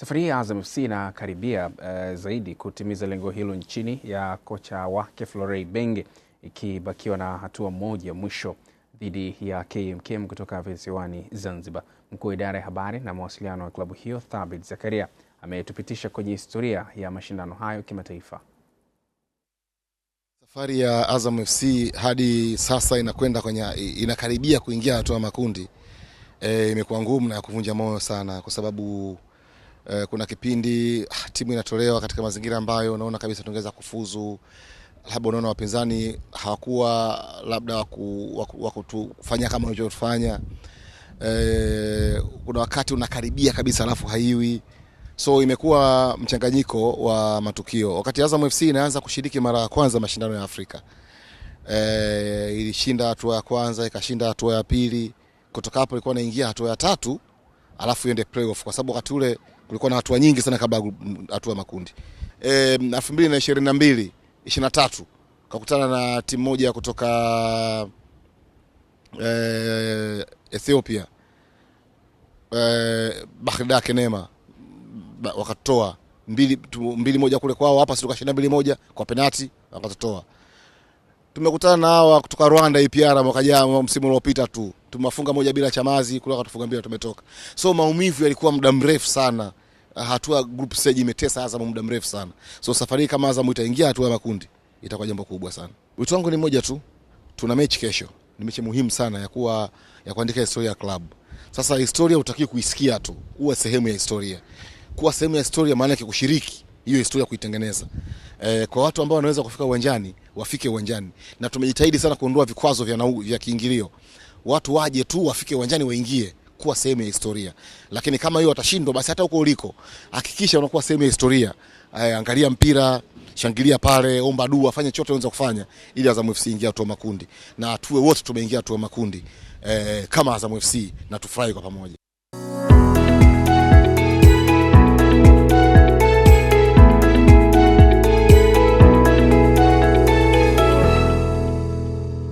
Safari hii Azam FC inakaribia uh, zaidi kutimiza lengo hilo nchini ya kocha wake Florent Ibenge, ikibakiwa na hatua moja mwisho dhidi ya KMKM kutoka visiwani Zanzibar. Mkuu wa idara ya habari na mawasiliano wa klabu hiyo Thabit Zakaria ametupitisha kwenye historia ya mashindano hayo kimataifa. Safari ya Azam FC hadi sasa inakwenda kwenye inakaribia kuingia hatua makundi, eh, imekuwa e, ngumu na ya kuvunja moyo sana kwa sababu Eh, kuna kipindi ah, timu inatolewa katika mazingira ambayo unaona kabisa tungeweza kufuzu labda unaona wapinzani hawakuwa labda waku, waku, kufanya kama ulichofanya. E, eh, kuna wakati unakaribia kabisa alafu haiwi, so imekuwa mchanganyiko wa matukio. Wakati Azam FC inaanza kushiriki mara ya kwanza mashindano ya Afrika e, ilishinda hatua ya kwanza ikashinda hatua ya pili, kutoka hapo ilikuwa inaingia hatua ya tatu alafu iende playoff, kwa sababu wakati ule kulikuwa na hatua nyingi sana kabla hatua makundi. Eh, 2022 23 kakutana na timu moja kutoka eh, Ethiopia eh, Bahrida Kenema ba, wakatoa mbili, tu, mbili moja kule kwao hapa si tukashinda mbili moja kwa penati wakatotoa. Tumekutana na hawa kutoka Rwanda IPR e mwaka jana msimu uliopita tu tumewafunga moja bila Chamazi kule wakatufunga mbili tumetoka. So maumivu yalikuwa muda mrefu sana Eh, hatua group stage imetesa Azam muda mrefu sana. So safari kama Azam itaingia hatua ya makundi itakuwa jambo kubwa sana. Wito wangu ni moja tu, tuna mechi kesho, ni mechi muhimu sana ya kuwa ya kuandika historia ya club. Sasa historia utakiwa kuisikia tu, kuwa sehemu ya historia. Kuwa sehemu ya historia maana yake kushiriki hiyo historia kuitengeneza. E, kwa watu ambao wanaweza kufika uwanjani wafike uwanjani, na tumejitahidi sana kuondoa vikwazo vya, vya kiingilio. Watu waje tu wafike uwanjani waingie kuwa sehemu ya historia. Lakini kama hiyo watashindwa, basi hata huko uliko hakikisha unakuwa sehemu ya historia. Ay, angalia mpira, shangilia pale, omba dua, fanya chochote unaweza kufanya ili Azam FC ingia hatua makundi, na tuwe wote tumeingia hatua makundi eh, kama Azam FC na tufurahi kwa pamoja.